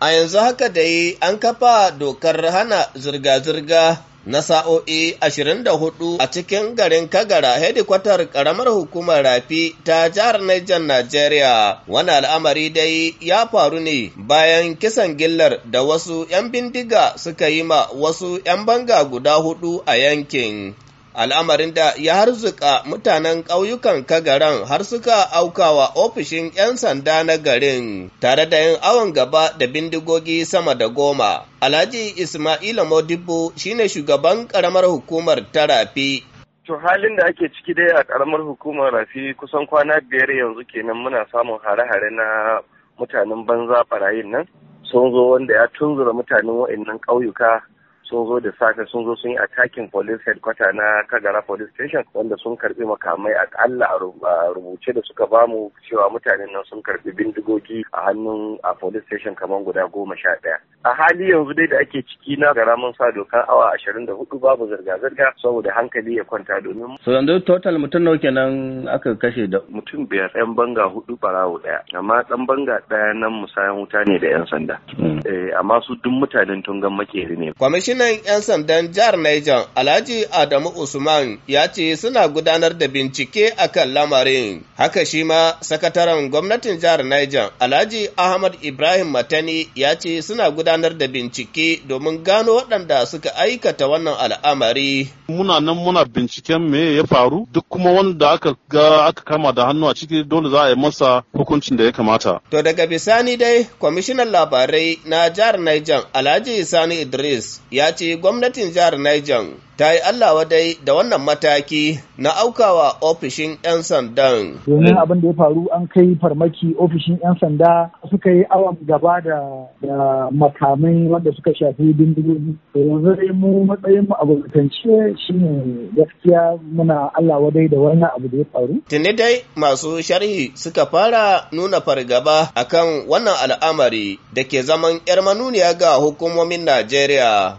A yanzu haka dai an kafa dokar hana zirga-zirga na sa'o'i 24 a cikin garin Kagara hedikwatar karamar hukumar rafi ta jihar Niger Najeriya. Wani al'amari dai ya faru ne bayan kisan gillar da wasu ‘yan bindiga suka yi ma wasu ‘yan banga guda hudu a yankin. al'amarin da ya harzuka mutanen ƙauyukan kagaran har suka aukawa ofishin 'yan sanda na garin tare da yin awon gaba da bindigogi sama da goma. Alhaji Ismaila Modibo shine shugaban ƙaramar hukumar tarafi. To halin da ake ciki dai a ƙaramar hukumar rafi kusan kwana biyar yanzu kenan muna samun hare-hare na mutanen banza barayin nan sun zo wanda ya tunzura mutanen wa'annan ƙauyuka sun zo da safe sun zo sun yi attacking police headquarter na kagara police station wanda sun karbi makamai akalla a rubuce da suka bamu cewa mutanen nan sun karbi bindigogi a hannun a police station kamar guda goma sha daya. a hali yanzu dai da ake ciki na gara mun sa dokan awa ashirin da hudu babu zirga-zirga saboda hankali ya kwanta domin so yanzu total mutum nawa kenan aka kashe da mutum biyar yan banga hudu barawo daya amma dan banga daya nan musayan wuta ne da yan sanda hmm. eh, amma su duk mutanen tungan makeri ne kwamishin Kwamishinan 'yan sandan jihar Niger Alhaji Adamu Usman ya ce suna gudanar da bincike a kan lamarin. Haka shi ma sakataren gwamnatin jihar Niger Alhaji Ahmad Ibrahim Matani ya ce suna gudanar da bincike domin gano waɗanda suka aikata wannan al'amari. Muna nan muna binciken me ya faru duk kuma wanda aka ga aka kama da hannu a ciki dole za a yi masa hukuncin da ya kamata. To daga bisani dai kwamishinan labarai na jihar Niger Alhaji Sani Idris ya ce gwamnatin jihar Niger ta yi Allah wadai da wannan mataki na aukawa ofishin 'yan sandan. Domin abin da ya faru an kai farmaki ofishin 'yan sanda suka yi awon gaba da makamai wanda suka shafi bindigogi. Yanzu dai mu matsayin mu abokantance shi ne gaskiya muna Allah wadai da wannan abu da ya faru. Tuni dai masu sharhi suka fara nuna fargaba akan wannan al'amari da ke zaman 'yar manuniya ga hukumomin Najeriya.